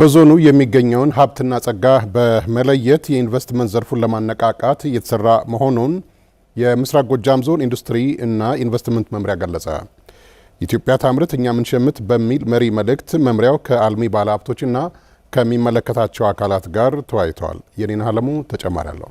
በዞኑ የሚገኘውን ሀብትና ጸጋ በመለየት የኢንቨስትመንት ዘርፉን ለማነቃቃት እየተሰራ መሆኑን የምስራቅ ጎጃም ዞን ኢንዱስትሪ እና ኢንቨስትመንት መምሪያ ገለጸ። ኢትዮጵያ ታምርት እኛ ምንሸምት በሚል መሪ መልእክት መምሪያው ከአልሚ ባለሀብቶችና ከሚመለከታቸው አካላት ጋር ተወያይተዋል። የኔና አለሙ ተጨማሪ አለው።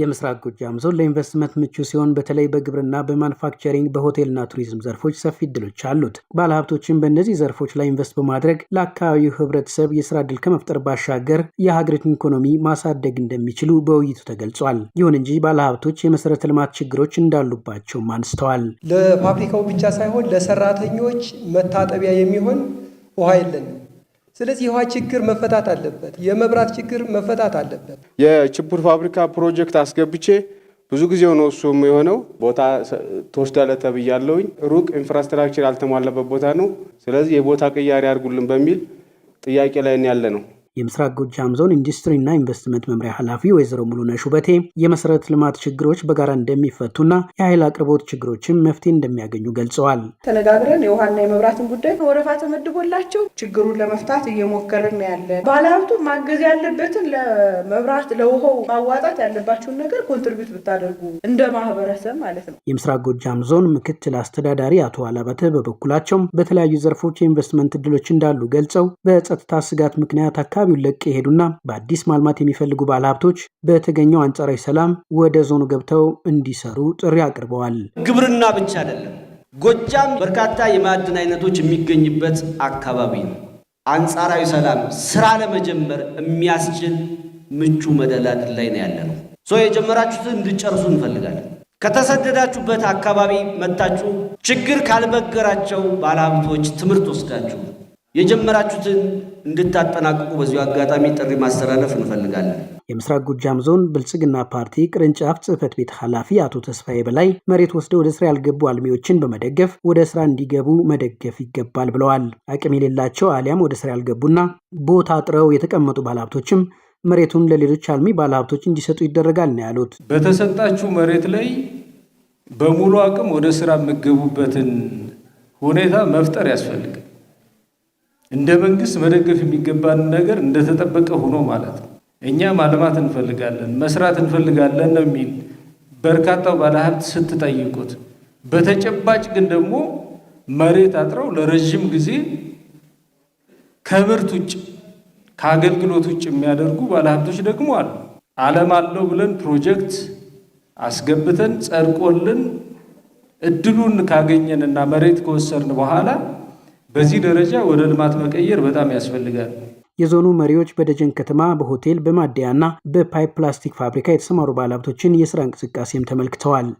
የምስራቅ ጎጃም ዞን ለኢንቨስትመንት ምቹ ሲሆን በተለይ በግብርና፣ በማኑፋክቸሪንግ፣ በሆቴልና ቱሪዝም ዘርፎች ሰፊ እድሎች አሉት። ባለሀብቶችን በእነዚህ ዘርፎች ላይ ኢንቨስት በማድረግ ለአካባቢው ህብረተሰብ የስራ እድል ከመፍጠር ባሻገር የሀገሪቱን ኢኮኖሚ ማሳደግ እንደሚችሉ በውይይቱ ተገልጿል። ይሁን እንጂ ባለሀብቶች የመሰረተ ልማት ችግሮች እንዳሉባቸውም አንስተዋል። ለፋብሪካው ብቻ ሳይሆን ለሰራተኞች መታጠቢያ የሚሆን ውሃ የለንም። ስለዚህ የውሃ ችግር መፈታት አለበት። የመብራት ችግር መፈታት አለበት። የችቡር ፋብሪካ ፕሮጀክት አስገብቼ ብዙ ጊዜ ሆነ እሱም የሆነው ቦታ ትወስዳለህ ሩቅ ኢንፍራስትራክቸር ያልተሟላበት ቦታ ነው። ስለዚህ የቦታ ቅያሪ አድርጉልን በሚል ጥያቄ ላይ ያለ ነው። የምስራቅ ጎጃም ዞን ኢንዱስትሪና ኢንቨስትመንት መምሪያ ኃላፊ ወይዘሮ ሙሉነ ሹበቴ የመሰረተ ልማት ችግሮች በጋራ እንደሚፈቱና የኃይል አቅርቦት ችግሮችም መፍትሄ እንደሚያገኙ ገልጸዋል። ተነጋግረን የውሃና የመብራትን ጉዳይ ወረፋ ተመድቦላቸው ችግሩን ለመፍታት እየሞከርን ያለ ባለሀብቱ ማገዝ ያለበትን ለመብራት ለውሃው ማዋጣት ያለባቸውን ነገር ኮንትሪቢዩት ብታደርጉ እንደ ማህበረሰብ ማለት ነው። የምስራቅ ጎጃም ዞን ምክትል አስተዳዳሪ አቶ አላበተ በበኩላቸው በተለያዩ ዘርፎች የኢንቨስትመንት እድሎች እንዳሉ ገልጸው በጸጥታ ስጋት ምክንያት አካባቢ አካባቢውን ለቅ የሄዱና በአዲስ ማልማት የሚፈልጉ ባለሀብቶች በተገኘው አንጻራዊ ሰላም ወደ ዞኑ ገብተው እንዲሰሩ ጥሪ አቅርበዋል። ግብርና ብቻ አይደለም፣ ጎጃም በርካታ የማዕድን አይነቶች የሚገኝበት አካባቢ ነው። አንጻራዊ ሰላም ስራ ለመጀመር የሚያስችል ምቹ መደላድ ላይ ነው ያለ ነው። ሰው የጀመራችሁትን እንድጨርሱ እንፈልጋለን። ከተሰደዳችሁበት አካባቢ መታችሁ ችግር ካልበገራቸው ባለሀብቶች ትምህርት ወስዳችሁ የጀመራችሁትን እንድታጠናቅቁ በዚሁ አጋጣሚ ጥሪ ማስተላለፍ እንፈልጋለን። የምስራቅ ጎጃም ዞን ብልጽግና ፓርቲ ቅርንጫፍ ጽህፈት ቤት ኃላፊ አቶ ተስፋዬ በላይ መሬት ወስደው ወደ ስራ ያልገቡ አልሚዎችን በመደገፍ ወደ ስራ እንዲገቡ መደገፍ ይገባል ብለዋል። አቅም የሌላቸው አሊያም ወደ ስራ ያልገቡና ቦታ ጥረው የተቀመጡ ባለሀብቶችም መሬቱን ለሌሎች አልሚ ባለሀብቶች እንዲሰጡ ይደረጋል ነው ያሉት። በተሰጣችሁ መሬት ላይ በሙሉ አቅም ወደ ስራ የሚገቡበትን ሁኔታ መፍጠር ያስፈልጋል። እንደ መንግስት መደገፍ የሚገባን ነገር እንደተጠበቀ ሆኖ ማለት ነው። እኛ ማልማት እንፈልጋለን፣ መስራት እንፈልጋለን ነው የሚል በርካታው ባለሀብት ስትጠይቁት፣ በተጨባጭ ግን ደግሞ መሬት አጥረው ለረዥም ጊዜ ከምርት ውጭ ከአገልግሎት ውጭ የሚያደርጉ ባለሀብቶች ደግሞ አሉ። አለም አለው ብለን ፕሮጀክት አስገብተን ጸድቆልን እድሉን ካገኘንና መሬት ከወሰድን በኋላ በዚህ ደረጃ ወደ ልማት መቀየር በጣም ያስፈልጋል። የዞኑ መሪዎች በደጀን ከተማ በሆቴል በማደያና በፓይፕ ፕላስቲክ ፋብሪካ የተሰማሩ ባለሀብቶችን የስራ እንቅስቃሴም ተመልክተዋል።